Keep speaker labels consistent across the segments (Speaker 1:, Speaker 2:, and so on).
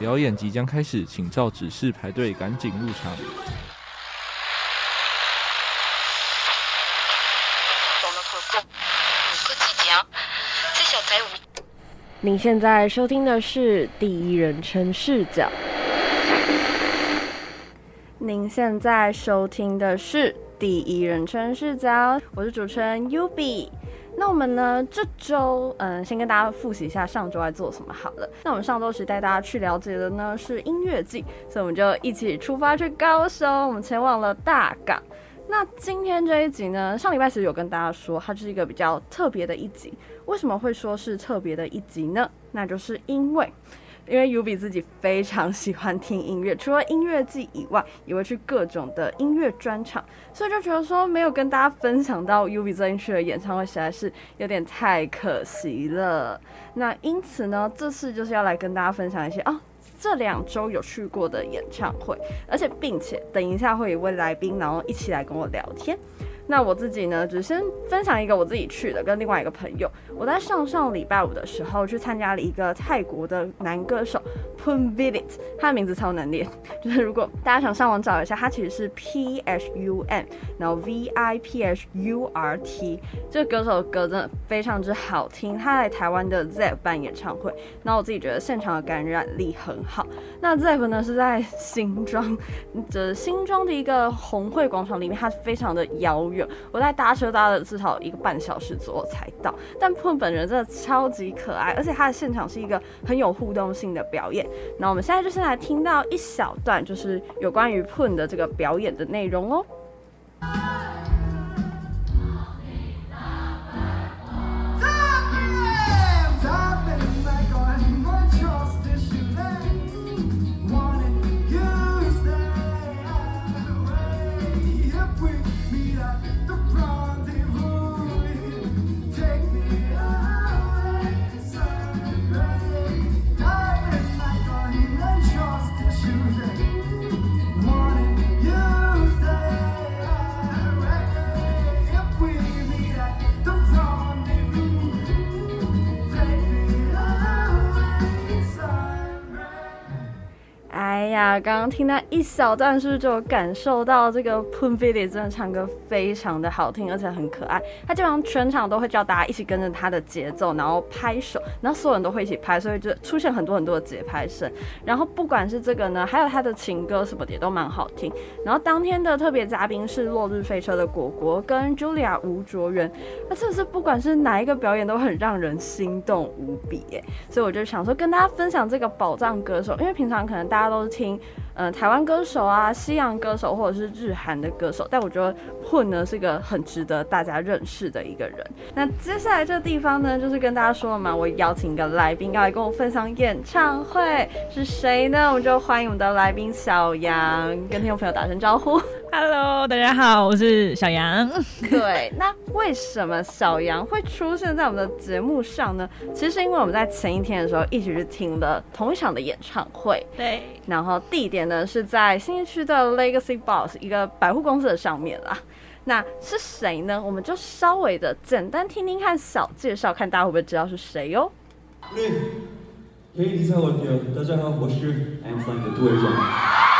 Speaker 1: 表演即將開始，請照指示排隊，趕緊入場。您現在收聽的是第一人稱視角。您現在收聽的是第一人稱視角，我是主持人 Yubi。那我們呢？這週，嗯，先跟大家複習一下上周在做什麼好了。那我們上周時帶大家去了解的呢，是音樂季，所以我們就一起出發去高雄。我們前往了大港。那今天這一集呢？上禮拜其實有跟大家說，它是一個比較特別的一集。為什麼會說是特別的一集呢？那就是因為。因為 Ubi 自己非常喜歡聽音樂，除了音樂季以外，也會去各種的音樂專場，所以就覺得說沒有跟大家分享到 Ubi 最近去的演唱會實在是有點太可惜了。那因此呢，這次就是要來跟大家分享一些啊、哦，這兩週有去過的演唱會，而且並且等一下會有一位來賓，然後一起來跟我聊天。那我自己呢，就先分享一個我自己去的，跟另外一個朋友，我在上上禮拜五的時候去參加了一個泰國的男歌手 Phum Viphurit，他的名字超難念，就是如果大家想上網找一下，他其實是 P H U M 然後 V I P H U R T，這個歌手的歌真的非常之好聽。他在台灣的 ZEP 辦演唱會，那我自己覺得現場的感染力很好。那 ZEP 呢是在新莊，這新莊的一個宏匯廣場裡面，它非常的遙遠。我在搭車搭了至少一個半小時左右才到，但 Phum 本人真的超級可愛，而且他的現場是一個很有互動性的表演。那我們現在就先來聽到一小段，就是有關於 Phum 的這個表演的內容哦。剛剛、啊、聽到一小段，是不是就感受到這個 Phum Viphurit 真的唱歌非常的好聽，而且很可愛。他基本上全場都會叫大家一起跟着他的節奏，然後拍手，然後所有人都會一起拍，所以就出現很多很多的節拍聲。然後不管是這個呢，還有他的情歌什麼的也都蠻好聽。然後當天的特別嘉賓是落日飛車的果果跟 Julia 吳卓源，那這次不管是哪一個表演都很讓人心動無比，欸、所以我就想說跟大家分享這個寶藏歌手，因為平常可能大家都是聽。嗯、呃，台灣歌手啊，西洋歌手或者是日韓的歌手，但我覺得 Phum 呢是個很值得大家認識的一個人。那接下來這個地方呢，就是跟大家說了嘛，我邀請一個來賓要來跟我分享演唱會，是誰呢？我們就歡迎我們的來賓小楊，跟聽眾朋友打聲招呼。Hello，大家好，
Speaker 2: 我是小楊。
Speaker 1: 對，那為什麼小楊會出現在我們的節目上呢？其實是因為我們在前一天的時候一起去聽了同一場的演唱會。對，然後地點呢是在新區的 Legacy Boss 一個百貨公司的上面啦。那是誰呢？我們就稍微的簡單聽聽看小介紹，看大家會不會知道是誰喲。Hey，大家好，大家好，我是 M Five 的杜偉強。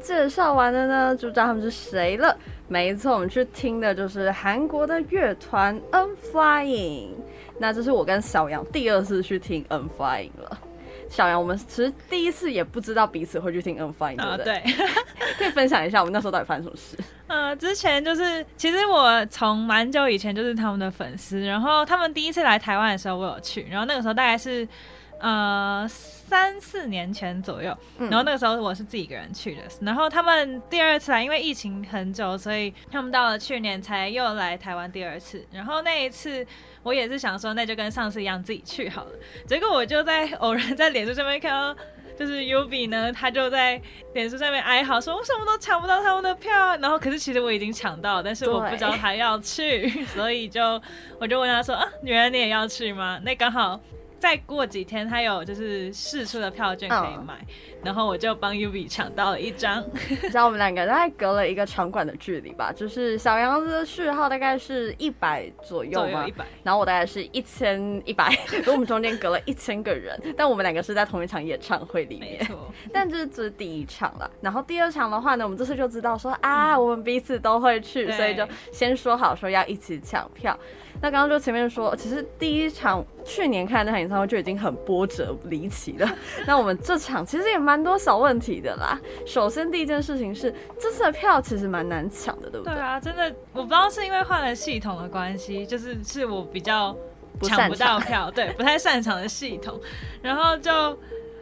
Speaker 1: 介紹完了呢，就知道他們是誰了。沒錯，我們去聽的就是韓國的樂團 N.Flying。那這是我跟小楊第二次去聽 N.Flying 了。小楊，我們其實第一次也不知道彼此會去聽 N.Flying，對不對？啊、對 可以分享一下我們那時候到底發生什麼
Speaker 2: 事？呃，之前就是，其實我從蠻久以前就是他們的粉絲，然後他們第一次來台灣的時候，我有去，然後那個時候大概是。呃，三四年前左右，然後那個時候我是自己一個人去的。嗯、然後他們第二次來，因為疫情很久，所以他們到了去年才又來台灣第二次。然後那一次，我也是想說，那就跟上次一樣自己去好了。結果我就在偶然在臉書上面看到，就是優比呢，他就在臉書上面哀嚎說，我什麼都搶不到他們的票。然後可是其實我已經搶到了，但是我不知道他要去，對 所以就我就問他說，啊，原來你也要去嗎？那剛好。再過幾天，他有就是釋出的票券可以買。Oh. 然後我就幫 U B 搶到了一張，
Speaker 1: 你知道我們兩個大概隔了一個場館的距離吧，就是小楊子的序號大概是一百左右嗎？一百。然後我大概是一千一百，所以我們中間隔了一千個人，但我們兩個是在同一場演唱會裡面。沒錯但這是第一場了，然後第二場的話呢，我們這次就知道說啊，我們彼此都會去， 所以就先說好說要一起搶票。對那剛剛就前面說，其實第一場去年看那場演唱會就已經很波折離奇了， 那我們這場其實也蠻。蠻多小問題的啦。首先第一件事情是，這次的票其實蠻難搶的，對不對？
Speaker 2: 對啊，真的，我不知道是因為換了系統的關係，就是是我比較
Speaker 1: 搶不到票，擅
Speaker 2: 長。對，不太擅長的系統。 然後就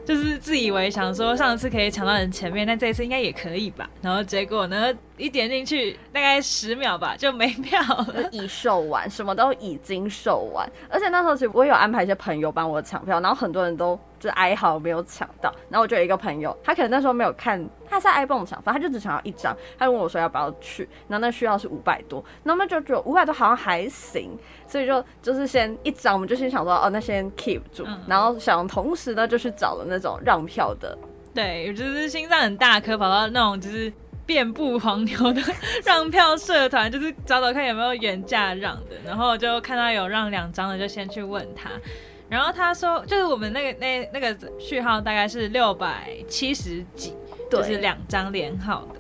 Speaker 2: 就是自以為想說上次可以搶到人前面，那這一次應該也可以吧？然後結果呢，一點進去大概十秒吧，就沒票了。
Speaker 1: 已售完，什麼都已經售完。而且那時候其實我有安排一些朋友幫我搶票，然後很多人都。就哀嚎沒有搶到，然後我就有一個朋友，他可能那時候沒有看，他是 iPhone 搶，反正他就只想要一張。他問我說要不要去，然後那需要是五百多，那麼就五百多好像還行，所以就就是先一張，我們就先想說哦，那先 keep 住，然後想同時呢就去找了那種讓票的，嗯、
Speaker 2: 對，就是心臟很大顆跑到那種就是遍布黃牛的 讓票社團，就是找找看有沒有原價讓的，然後就看到有讓兩張的，就先去問他。然後他說，就是我們那個那那個序號大概是六百七十幾，對就是兩張連號的。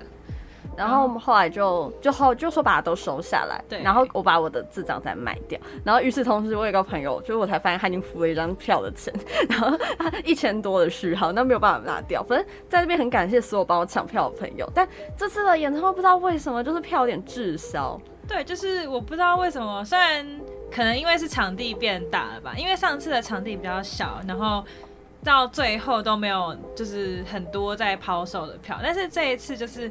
Speaker 1: 然後我們後來就就後就說把它都收下來，對。然後我把我的這張再賣掉。然後與此同時，我有個朋友，就是我才發現他已經付了一張票的錢，然後他一千多的序號，那沒有辦法拿掉。反正在這邊很感謝所有幫我搶票的朋友。但這次的演唱會不知道為什麼就是票有點滯銷，
Speaker 2: 對，就是我不知道為什麼，雖然。可能因為是場地變大了吧，因為上次的場地比較小，然後到最後都沒有就是很多在拋售的票，但是這一次就是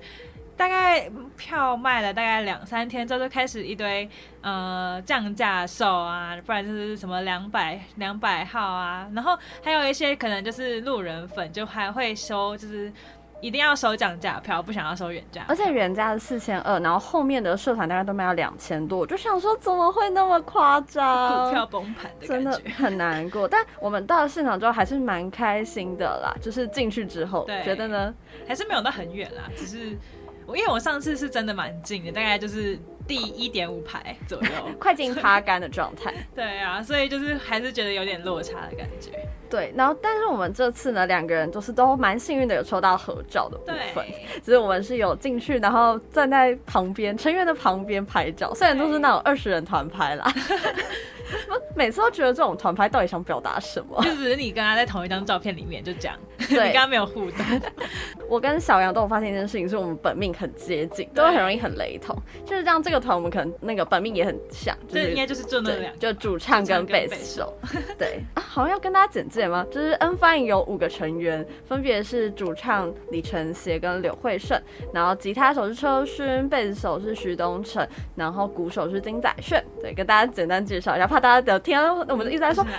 Speaker 2: 大概票賣了大概兩三天之後就開始一堆呃降價售啊，不然就是什麼兩百兩百號啊，然後還有一些可能就是路人粉就還會收就是。一定要收降價票，不想要收原價。而且
Speaker 1: 原價是四千二，然後後面的社團大概都賣了兩千多，我就想說怎麼會那麼誇張？股 票崩盤的感覺真的很難過。 但我們到了現場之後還是蠻開心的啦，就是進去之後，對覺得呢還
Speaker 2: 是沒有到很遠啦，只是我因為我上次是真的蠻近的，大概就是。第一點五排左右， 快進趴
Speaker 1: 桿的狀態。
Speaker 2: 對啊，所以就是還是覺得有點落差的感
Speaker 1: 覺。對，然後但是我們這次呢，兩個人都是都蠻幸運的，有抽到合照的部分。所以我們是有進去，然後站在旁邊成員的旁邊拍照，對雖然都是那種二十人團拍啦。 每次都覺得這種團拍到底想表達什麼？就是你跟他在同一張照片裡面，就這樣，對 你剛剛
Speaker 2: 沒有互動。
Speaker 1: 我跟小楊都有發現一件事情，是我們本命很接近，對都很容易很雷同。就是這樣，這個團我們可能那個本命也很像，就是、這應該就是就那兩，就主唱跟貝斯手。對 啊，好像要跟大家簡介嗎？就是 N.Flying 有五個成員，分別是主唱李承協跟柳慧勝，然後吉他手是車勳，貝、嗯、斯手是徐東成，然後鼓手是金宰鉉。對，跟大家簡單介紹一下。大家聊天，我們一直在說，東城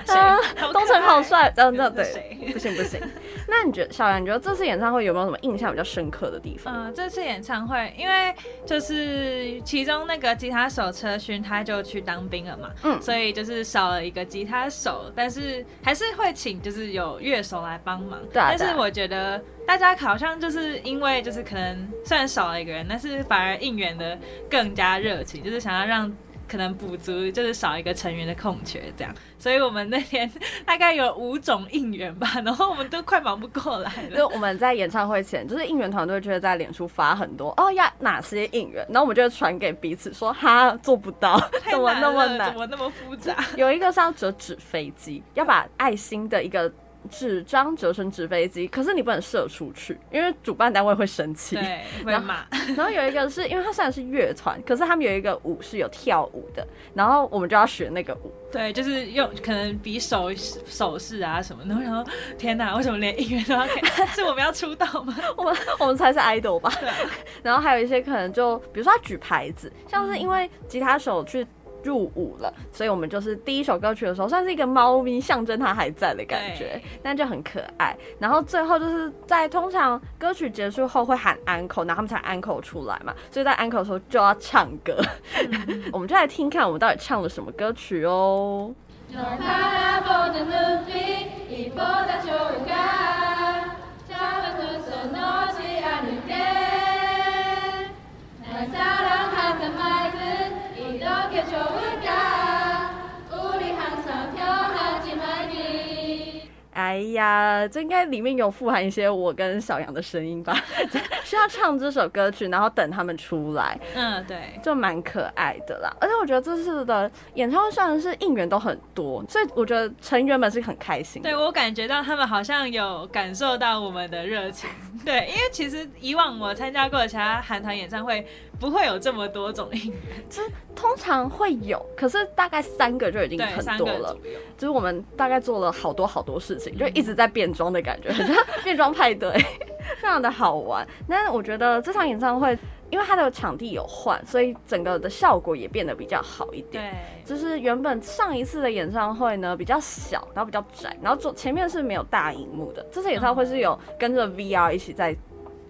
Speaker 1: 好帥。嗯，那對，不行不行。 那你覺得小楊，你覺得這次演唱會有沒有什麼印象比較深刻的地方？
Speaker 2: 嗯，這次演唱會，因為就是其中那個吉他手車勳他就去當兵了嘛，嗯，所以就是少了一個吉他手，但是還是會請就是有樂手來幫忙。對啊、對啊，但是我覺得大家好像就是因為就是可能雖然少了一個人，但是反而應援的更加熱情，就是想要讓。可能補足就是少一個成員
Speaker 1: 的空缺，這樣，
Speaker 2: 所以我們那天大概有五種應援吧，然後我們都快
Speaker 1: 忙不過來了。就我們在演唱會前，就是應援團隊就會在臉書發很多哦，呀，哪些應援，然後我們就傳給彼此說，哈，做不到，怎麼那麼難，怎麼
Speaker 2: 那麼複雜？
Speaker 1: 有一個是要折紙飛機，要把愛心的一個。紙張折成紙飛機，可是你不能射出去，因為主辦單位會生氣。對，會罵。然後有一個是因為他雖然是樂團，可是他們有一個舞是有跳舞的，然後我們就要學那個舞。
Speaker 2: 對，就是用可能比手手勢啊什麼。然後天哪，為什麼連音樂都要？ 是我們要出道嗎？我們
Speaker 1: 我們才是 idol 吧？對啊。 然後還有一些可能就比如說他舉牌子，像是因為吉他手去。嗯入伍了，所以我們就是第一首歌曲的時候，算是一個貓咪象徵它還在的感覺，對但就很可愛。然後最後就是在通常歌曲結束後會喊安可，然後他們才安可出來嘛，所以在安可的時候就要唱歌，嗯、 我們就來聽看我們到底唱了什麼歌曲哦。嗯哎呀，這應該裡面有富含一些我跟小楊的聲音吧。 需要唱這首歌曲，然後等他們出來，嗯，對，就蠻可愛的啦。而且我覺得這次的演唱會算是應援都很多，所以我覺得成員們是很開心的。對，
Speaker 2: 我感覺到他們好像有感受到我們的熱情。 對，因為其實以往我參加過其他韓團演唱會，不會有這麼多種應援，
Speaker 1: 通常會有，可是大概三個就已經很多了。就是我們大概做了好多好多事情，就一直在變裝的感覺，嗯、好像變裝派對。 非常的好玩，那我覺得這場演唱會，因為它的場地有換，所以整個的效果也變得比較好一點。對，就是原本上一次的演唱會呢比較小，然後比較窄，然後左前面是沒有大熒幕的。這次演唱會是有跟着 VR 一起在。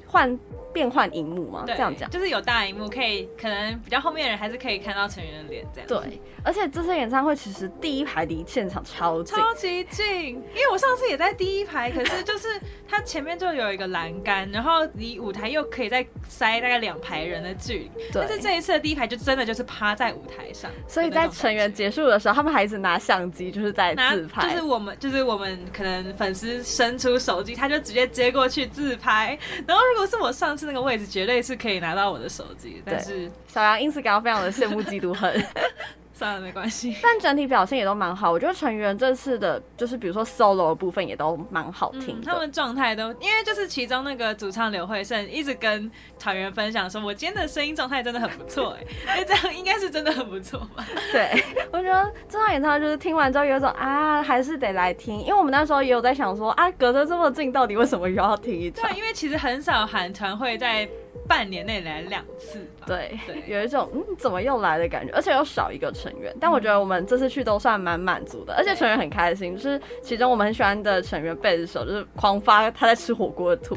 Speaker 1: 換變換熒幕嗎，對這樣講，就
Speaker 2: 是有大熒幕，可以可能比較後面的人還是可以看到成員的臉這樣子。對，
Speaker 1: 而且這次演唱會其實第一排離現場超超
Speaker 2: 級近，因為我上次也在第一排，可是就是它前面就有一個欄杆， 然後離舞台又可以再塞大概兩排人的距離。對，但是這一次的第一排就真的就是趴在舞台上，所以在
Speaker 1: 成員結束的時候，他們還一直拿相機就是在自拍，就是
Speaker 2: 我們就是我們可能粉絲伸出手機，他就直接接過去自拍，然後。如果是我上次那個位置，絕對是可以拿到我的手機。
Speaker 1: 對但是小楊因此感到非常的羨慕嫉妒恨。 算了，沒關係。但整體表現也都蠻好，我覺得成員這次的，就是比如說 solo 的部分也都蠻好聽、嗯、他們
Speaker 2: 狀態都，因為就是其中那個主唱柳會勝一直跟團員分享說：“我今天的聲音狀態真的很不錯、欸。”哎，那這樣應該是真的很不錯吧？
Speaker 1: 對，我覺得這場演唱會就是聽完之後有一種啊，還是得來聽。因為我們那時候也有在想說啊，隔着這麼近，到底為什麼又要聽一場？
Speaker 2: 因為其實很少韓團會在，半年內來兩
Speaker 1: 次，對，對有一種嗯，怎麼又來的感覺，而且又少一個成員。嗯、但我覺得我們這次去都算蠻滿足的，而且成員很開心。對就是其中我們很喜歡的成員貝斯手，就是狂發他在吃火鍋的圖，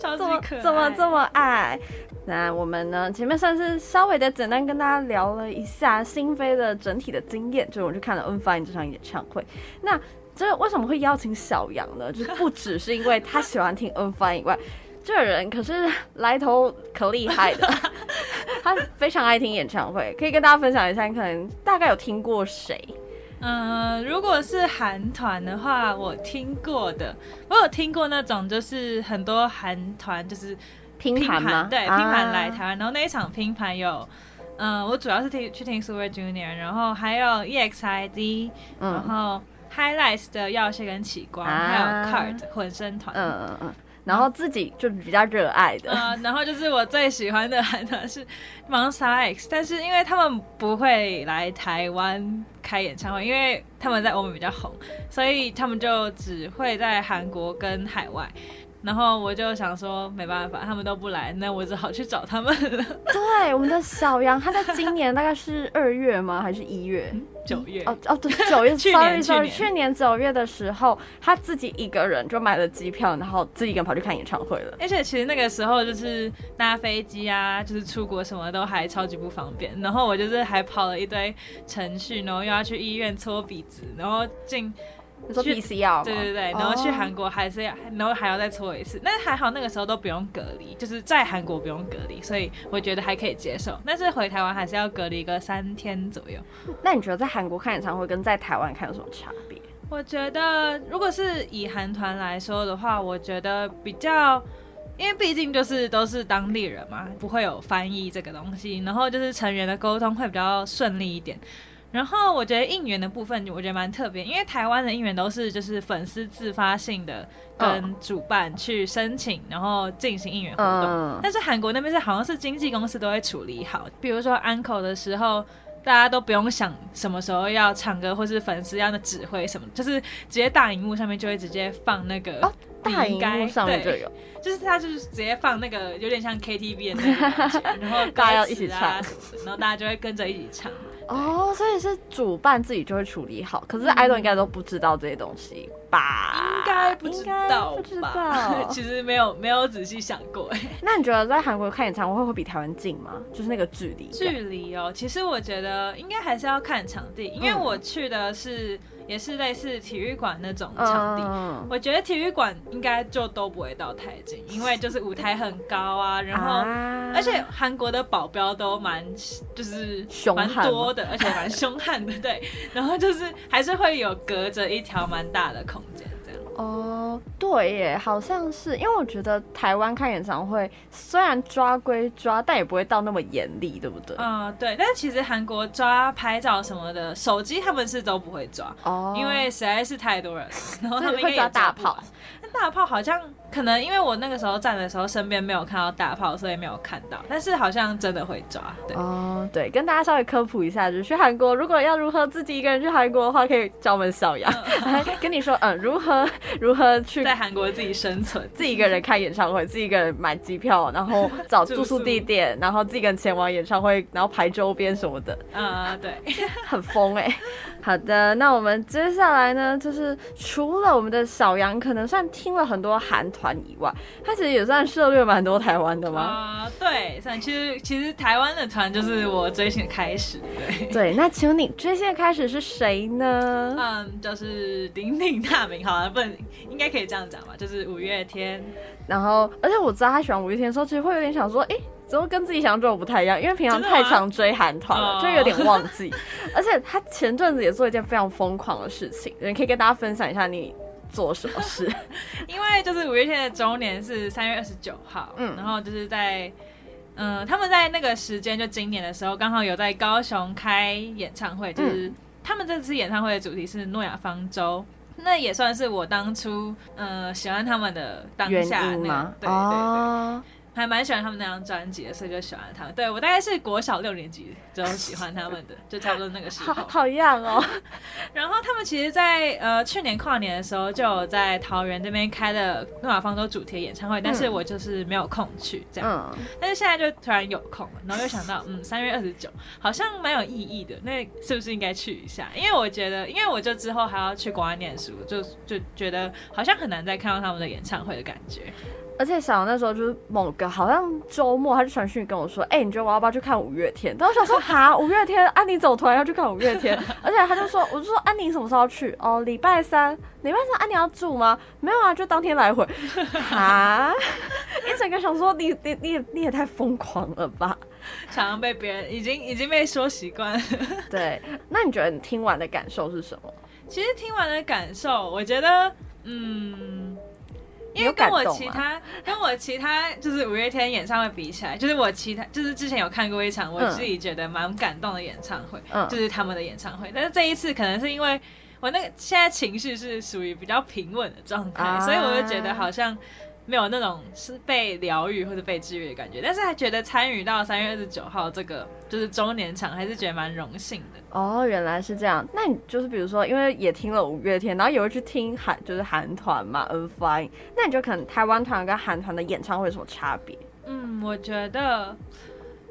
Speaker 1: 怎麼怎麼這麼愛？對那我們呢？前面算是稍微的簡單跟大家聊了一下新飛的整體的經驗，就是我們去看了 N.Flying 這場演唱會。那這個、為什麼會邀請小楊呢？就是不只是因為他喜歡聽 N.Flying 以外。 這個人可是來頭可厲害的。 他非常愛聽演唱會，可以跟大家分享一下，你可能大概有聽過誰？嗯、
Speaker 2: 呃，如果是韓團的話，我聽過的，我有聽過那種就是很多韓團就是拼盤，拼盤，對，拼盤來台灣，啊，然後那一場拼盤有，嗯、呃，我主要是聽去聽 Super Junior，然後還有 EXID，嗯、然後 Highlights 的耀燮跟起光，啊、還有 Card 混聲團，嗯嗯嗯。然後自己就比較熱愛的啊、呃，然後就是我最喜歡的韓團是 MONSTA X，但是因為他們不會來台灣開演唱會，因為他們在歐美比較紅，所以他們就只會在韓國跟海外。然後我就想說，沒辦法，他們都不來，那我只好去找他們
Speaker 1: 了。對，我們的小楊，他在今年大概是二月嗎？還是一月？九月，哦哦對，九月。去年，去年 去年九月的時候，他自己一個人就買了機票，然後自己一個人跑去看演唱會了。
Speaker 2: 而且其實那個時候就是搭飛機啊，就是出國什麼的都還超級不方便。然後我就是還跑了一堆程序，然後又要去醫院戳鼻子，然後進。做 PCR，對對對，Oh. 然後去韓國還是要，然後還要再做一次。但還好那個時候都不用隔離，就是在韓國不用隔離，所以我覺得還可以接受。但是回台灣還是要隔離個三天左右。
Speaker 1: 那你覺得在韓國看演唱會跟在台灣看有什麼差別？我覺
Speaker 2: 得如果是以韓團來說的話，我覺得比較，因為畢竟就是都是當地人嘛，不會有翻譯這個東西，然後就是成員的溝通會比較順利一點。然後我覺得應援的部分，我覺得蠻特別，因為台灣的應援都是就是粉絲自發性的跟主辦去申請，哦、然後進行應援活動。嗯、但是韓國那邊是好像是經紀公司都會處理好，比如說安 e 的時候，大家都不用想什麼時候要唱歌，或是粉絲要的指揮什麼，就是直接大熒幕上面就會直接放那個、哦。大熒幕上面就有，就是他就是直接放那個有點像 KTV 的那個， 然後歌詞啊，然後大家就會跟着一起唱。
Speaker 1: 哦，對 oh, 所以是主辦自己就會處理好，可是 idol，嗯、應該都不知道這些東西吧？
Speaker 2: 應該不知道，不知道， 其實沒有沒有仔細想過。哎，
Speaker 1: 那你覺得在韓國看演唱會會比台灣近嗎？就是那個距離。
Speaker 2: 距離哦，其實我覺得應該還是要看場地，因為我去的是。也是類似體育館那種場地，我覺得體育館應該就都不會到太近，因為就是舞台很高啊，然後而且韓國的保鏢都蠻就是蠻多的，而且蠻兇悍的，對，然後就是還是會有隔着一條蠻大的空間。
Speaker 1: 哦，uh, 對耶，好像是因為我覺得台灣看演唱會，雖然抓歸抓，但也不會到那麼嚴厲，對不對？嗯
Speaker 2: ，uh, 對。但是其實韓國抓拍照什麼的，手機他們是都不會抓，uh, 因為實在是太多人，uh, 然後他們會抓大炮，那大炮好像。可能因為我那個時候站的時候，身邊沒有看到大炮，所以沒有看到。但是好像真的會抓，
Speaker 1: 對哦，oh, 對，跟大家稍微科普一下，就是去韓國，如果要如何自己一個人去韓國的話，可以找我們小楊， 跟你說，嗯、呃，如何如何去在韓國自己生存，自己一個人看演唱會，自己一個人買機票，然後找住宿地點， 然後自己人前往演唱會，然後排周邊什麼的，啊，uh, 對， 很瘋哎、欸。好的，那我們接下來呢，就是除了我們的小楊，可能算聽了很多韓團。團以外，他其實也算涉獵蠻多台灣的嗎？啊，uh,
Speaker 2: 對，算其實其實台灣的團就是我追星的開始對
Speaker 1: 對，那請問你追星的開始是誰呢？嗯，um, 就是鼎鼎
Speaker 2: 大名，好像、啊、不能，應該可以這樣講吧，就是五月天。
Speaker 1: 然後，而且我知道他喜歡五月天的時候，其實會有點想說，哎、欸，怎麼跟自己想像中不太一樣？因為平常太常追韓團了，oh. 就有點忘記。 而且他前陣子也做一件非常瘋狂的事情，可以跟大家分享一下你。做什麼事？
Speaker 2: 因為就是五月天的周年是三月二十九號，嗯、然後就是在，嗯、呃，他們在那個時間就今年的時候，剛好有在高雄開演唱會，就是、嗯、他們這次演唱會的主題是諾亞方舟，那也算是我當初嗯、呃、喜歡他們的當下、那個原因嗎？對對對。哦還蠻喜歡他們那張專輯的，所以就喜歡他們。對，我大概是國小六年級就喜歡他們的， 就差不多那個時候。好一樣哦。然後他們其實在，在呃去年跨年的時候，就有在桃園這邊開了《諾瓦方舟》主題演唱會，但是我就是沒有空去這樣。嗯。但是現在就突然有空了，然後又想到，嗯，三月二十九好像蠻有意義的，那是不是應該去一下？因為我覺得，因為我就之後還要去國外念書，就就覺得好像很難再看到他們的
Speaker 1: 演唱會的感覺。而且小楊那時候就是某個好像周末，他就傳訊跟我說：“哎、欸，你覺得我要不要去看五月天？”但我想說：“哈，五月天，安、啊、妮走團要去看五月天。”而且他就說：“我就說安妮、啊、什麼時候去？哦，禮拜三，禮拜三安妮、啊、要住嗎？沒有啊，就當天來回。哈”啊！你整個想說你你你也你也太瘋狂了吧！常
Speaker 2: 常被別人已經已經被說習慣。
Speaker 1: 對，那你覺得你聽完的感受是什麼？
Speaker 2: 其實聽完的感受，我覺得，嗯。因為跟我其他、啊、跟我其他就是五月天演唱會比起來，就是我其他就是之前有看過一場，我自己覺得蠻感動的演唱會，嗯、就是他們的演唱會。但是這一次可能是因為我那個現在情緒是屬於比較平穩的狀態，啊、所以我就覺得好像。沒有那種是被療癒或者被治癒的感覺，但是還覺得參與到三月二十九號這個就是週年場，還是覺得蠻榮幸的。
Speaker 1: 哦，原來是這樣。那你就是比如說，因為也聽了五月天，然後也會去聽就韓就是韓團嘛 n f i n e，那你就可能台灣團跟韓團的演唱會有什麼差別？嗯，
Speaker 2: 我覺得。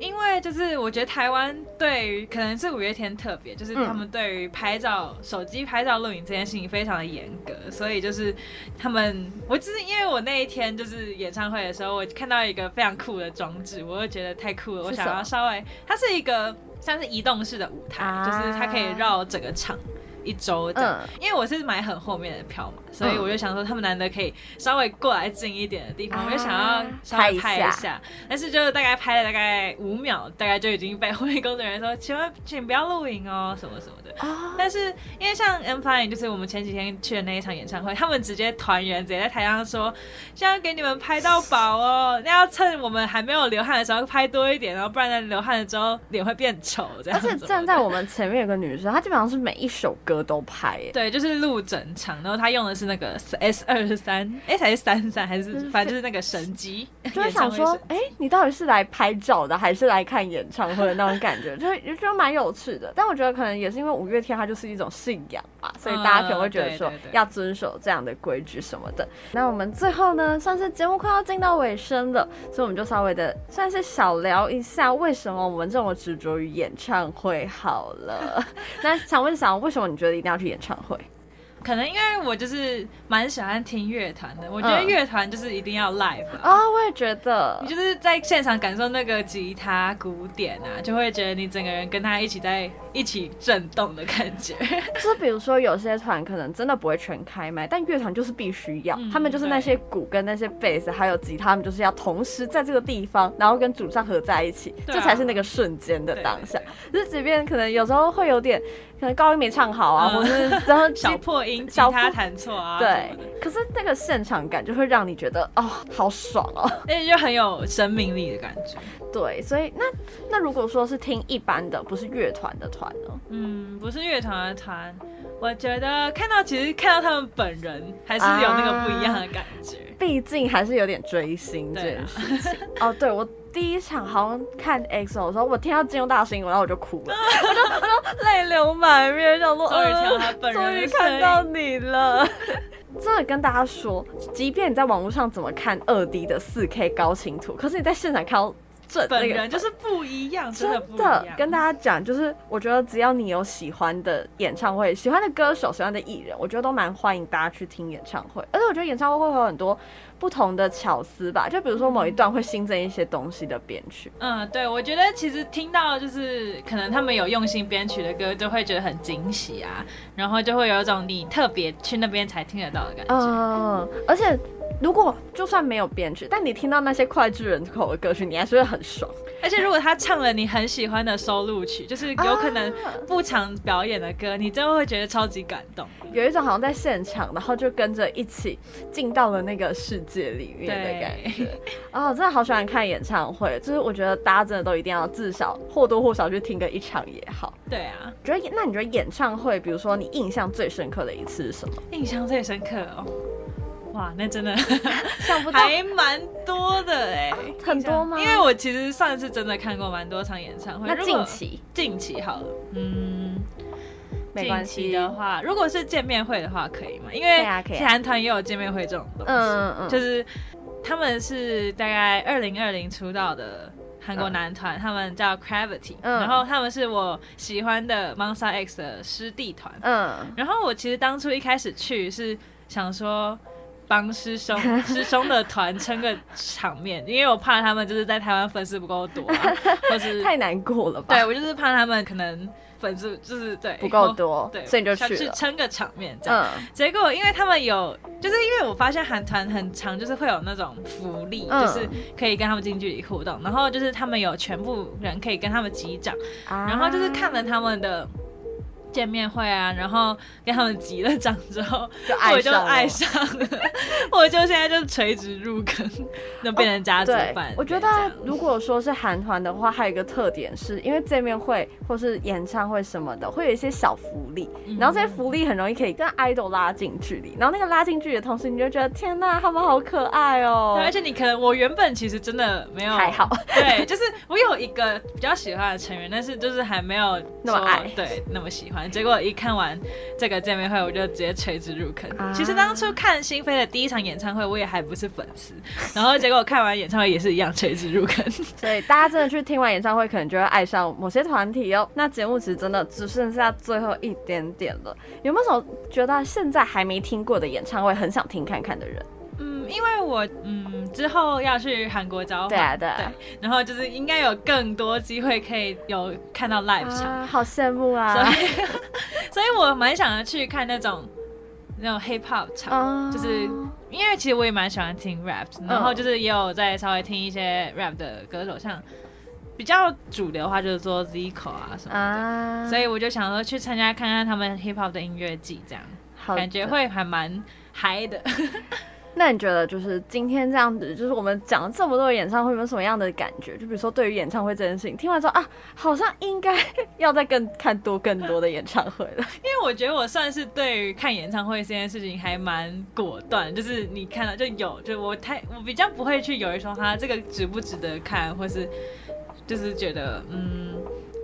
Speaker 2: 因為就是我覺得台灣對於可能是五月天特別，就是他們對於拍照、手機拍照、錄影這件事情非常的嚴格，所以就是他們，我只是因為我那一天就是演唱會的時候，我看到一個非常酷的裝置，我就覺得太酷了，我想要稍微，它是一個像是移動式的舞台，啊、就是它可以繞整個場。一周的，嗯、因為我是買很後面的票嘛，所以我就想說他們難得可以稍微過來近一點的地方，嗯、我就想要稍微拍一下。啊、拍一下但是，就大概拍了大概五秒，大概就已經被後面工作人員說，請問請不要錄影哦什麼什麼的。啊、但是因為像 N.Flying 就是我們前幾天去的那一場演唱會，他們直接團員直接在台上說，現在給你們拍到飽哦，噓那要趁我們還沒有流汗的時候拍多一點，然後不然在流汗的時候臉會變醜。他是站
Speaker 1: 在我們前面有個女生，她基本上是每一首歌。都拍，哎、欸，
Speaker 2: 對，就是錄整場，然後他用的是那個 S 二十三，哎，3, 3, 還
Speaker 1: 是三三，還是反正就是那個神機。嗯、演唱會神機就會想說，哎、欸，你到底是來拍照的，還是來看演唱會的那種感覺？ 就就覺得蠻有趣的。但我覺得可能也是因為五月天，他就是一種信仰吧，所以大家可能會覺得說要遵守這樣的規矩什麼的。嗯、對對對，那我們最後呢，算是節目快要進到尾聲了，所以我們就稍微的算是小聊一下，為什麼我們這麼執着於演唱會好了。 那想問一下，為什麼你覺得？覺得一定要去演唱會。
Speaker 2: 可能因為我就是蠻喜歡聽樂團的，我覺得樂團就是一定要 live
Speaker 1: 啊、嗯哦，我也覺得你就是在現場感受那個吉他、
Speaker 2: 鼓點啊，就會覺得你整個人跟他一起在一起震動的感覺。
Speaker 1: 就比如說有些團可能真的不會全開麥，但樂團就是必須要，嗯、他們就是那些鼓跟那些 bass，對還有吉他，他們就是要同時在這個地方，然後跟主唱合在一起，啊、這才是那個瞬間的當下。就是即便可能有時候會有點，可能高音沒唱好啊，嗯、或者是然後擊破
Speaker 2: 音。教他彈錯啊！對，
Speaker 1: 可是那個現場感就會讓你覺得哦，好爽哦，
Speaker 2: 而且就很有
Speaker 1: 生命力的感覺。嗯、對，所以那那如果說是聽一般的，不是樂團的團呢？嗯，
Speaker 2: 不是樂團的團，我覺得看到其實看到他們本人還是有那個不一樣的感
Speaker 1: 覺、啊，畢竟還是有點追星這件事情。對啊、 哦，對我。第一場好像看 EXO 的時候，我聽到金鐘大聲音，然後我就哭了 我就，我就我就 淚流滿面，想說，終於看到你了。真 的跟大家說，即便你在網絡上怎麼看二 D 的四 K 高清圖，可是你在現場看到。本，本人就是
Speaker 2: 不一樣，真的，真的跟大家
Speaker 1: 講，就是我覺得只要你有喜歡的演唱會、喜歡的歌手、喜歡的藝人，我覺得都蠻歡迎大家去聽演唱會。而且我覺得演唱會會有很多不同的巧思吧，就比如說某一段會新增一些東西的編曲。嗯，
Speaker 2: 對，我覺得其實聽到就是可能他們有用心編曲的歌，就會覺得很驚喜啊，然後就會有一種你特別去那邊才聽得到的感
Speaker 1: 覺。哦、嗯，而且。嗯如果就算沒有編曲，但你聽到那些膾炙人口的歌曲，你還是會很爽。
Speaker 2: 而且如果他唱了你很喜歡的收錄曲，就是有可能不常表演的歌，啊、你真的會覺得超級感動。
Speaker 1: 有一種好像在現場，然後就跟着一起進到了那個世界裡面的感覺。對 哦，真的好喜歡看演唱會， 就是我覺得大家真的都一定要至少或多或少去聽個一場也好。對啊，覺得那你覺得演唱會，比如說你印象最深刻的一次是什麼？印象最深刻哦。
Speaker 2: 哇，那真的還蠻多的哎、欸，很多嗎？因為我其實上次真的看過蠻多場演唱會。那近期如果近期好了，
Speaker 1: 嗯，近期的話，
Speaker 2: 如果是見面會的話可以嗎？因為男團也有見面會這種東西。嗯嗯、就是他們是大概二零二零出道的韓國男團，嗯、他們叫 Cravity、嗯、然後他們是我喜歡的 MONSTA X 的師弟團。嗯，然後我其實當初一開始去是想說。幫師兄師兄的團撐個場面， 因為我怕他們就是在台灣粉絲不夠多、
Speaker 1: 啊， 或是太難過了吧。對，我
Speaker 2: 就是怕他們可能粉絲就是對不夠多，對，對所以你就去撐個場面這樣。嗯、結果因為他們有，就是因為我發現韓團很常，就是會有那種福利，嗯、就是可以跟他們近距離互動，然後就是他們有全部人可以跟他們擊掌，啊、然後就是看了他們的。見面會啊，然後跟他們擊了掌之後，就愛上了，我就現在就是垂直入坑，那、哦、變成家族對我
Speaker 1: 覺得如果說是韓團的話，還有一個特點是，是因為見面會或是演唱會什麼的，會有一些小福利，嗯、然後這些福利很容易可以跟 idol 拉近距離，然後那個拉近距離的同時，你就覺得天吶、啊，他們好可愛哦。對，而且
Speaker 2: 你可能我原本其實真的沒有還好， 對，就是我有一個比較喜歡的成員，但是就是還沒有那麼愛，對，那麼喜歡。結果一看完這個見面會，我就直接垂直入坑。啊、其實當初看新飛的第一場演唱會，我也還不是粉絲，
Speaker 1: 然後結果看完演唱會也是一樣垂直入坑。 所以大家真的去聽完演唱會，可能就會愛上某些團體哦。那節目其實真的只剩下最後一點點了。有沒有什麼覺得現在還沒聽過的演唱會，很想聽看看的人？
Speaker 2: 因為我嗯之後要去韓國交換對、啊、
Speaker 1: 對，
Speaker 2: 然後就是應該有更多機會可以有看到 live 場。啊，好
Speaker 1: 羨慕啊！所以，
Speaker 2: 所以我蠻想要去看那種那種 hip hop 場，啊、就是因為其實我也蠻喜歡聽 rap，然後就是也有在稍微聽一些 rap 的歌手，哦、像比較主流的話就是說 Zico 啊什麼的，啊、所以我就想說去參加看看他們 hip hop 的音樂季，這樣好的感覺會還蠻嗨的。
Speaker 1: 那你覺得就是今天這樣子，就是我們講了這麼多演唱會，有什麼樣的感覺？就比如說對於演唱會這件事情，聽完之後啊，好像應該要再更看多更多的演唱會了。
Speaker 2: 因為我覺得我算是對於看演唱會這件事情還蠻果斷，就是你看到、啊、就有，就我太我比較不會去有人說哈，這個值不值得看，或是就是覺得嗯。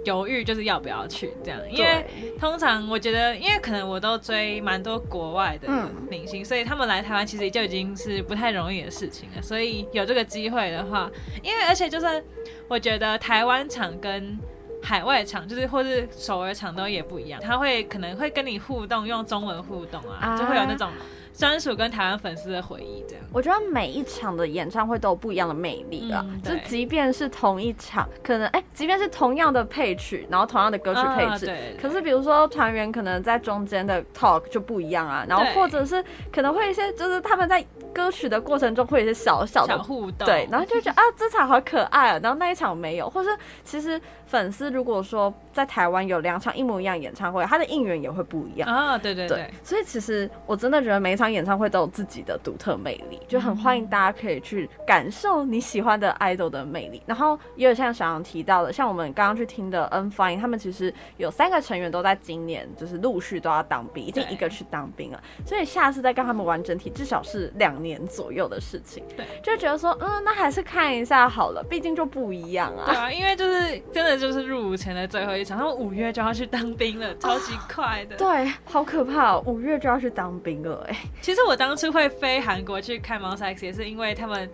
Speaker 2: 猶豫就是要不要去這樣，因為通常我覺得，因為可能我都追蠻多國外的明星，所以他們來台灣其實就已經是不太容易的事情了。所以有這個機會的話，因為而且就算我覺得台灣場跟海外場，就是或是首爾場都也不一樣，他會可能會跟你互動，用中文互動啊，就會有那種。專屬跟台灣粉絲的回憶，這樣。
Speaker 1: 我覺得每一場的演唱會都有不一樣的魅力的、啊，嗯、就即便是同一場，可能哎、欸，即便是同樣的配曲，然後同樣的歌曲配置，啊、對對對，可是比如說團員可能在中間的 talk 就不一樣啊，然後或者是可能會一些，就是他們在歌曲的過程中會有一些小小的互動，對，對，然後就覺得啊，這場好可愛啊，然後那一場沒有，或是其實。粉絲如果說在台灣有兩場一模一樣演唱會，他的應援也會不一樣啊、哦。
Speaker 2: 對對對，
Speaker 1: 對，所以其實我真的覺得每一場演唱會都有自己的獨特魅力，就很歡迎大家可以去感受你喜歡的 idol 的魅力。然後也有像小楊提到的，像我們剛剛去聽的 N.Flying，他們其實有三個成員都在今年就是陸續都要當兵，已經一個去當兵了，對所以下次再跟他們完整體至少是兩年左右的事情。對，就覺得說嗯，那還是看一下好了，畢竟就不一樣啊。對啊，
Speaker 2: 因為就是真的。就是入伍前的最後一場，他們五月就要去當兵了，超級
Speaker 1: 快的。哦、對，好可怕、哦，五月就要去當兵了哎、欸。
Speaker 2: 其實我當初會飛韓國去看 MONSTA X 也是因為他們。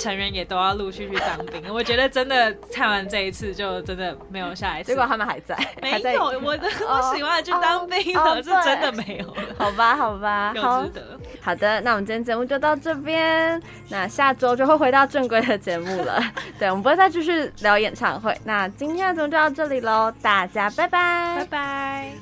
Speaker 2: 成員也都要陸續去當兵，我覺得真的看完這一次就真的沒有下一次。結果他們還
Speaker 1: 在， 沒有，還在我都、哦、我喜歡去當兵的，哦、是真的沒有了。哦哦、 好吧，好吧，有值得好。好的，那我們今天節目就到這邊，那下周就會回到正規的節目了。 對我們不會再繼續聊演唱會。那今天的節目就到這裡嘍，大家拜拜，拜
Speaker 2: 拜。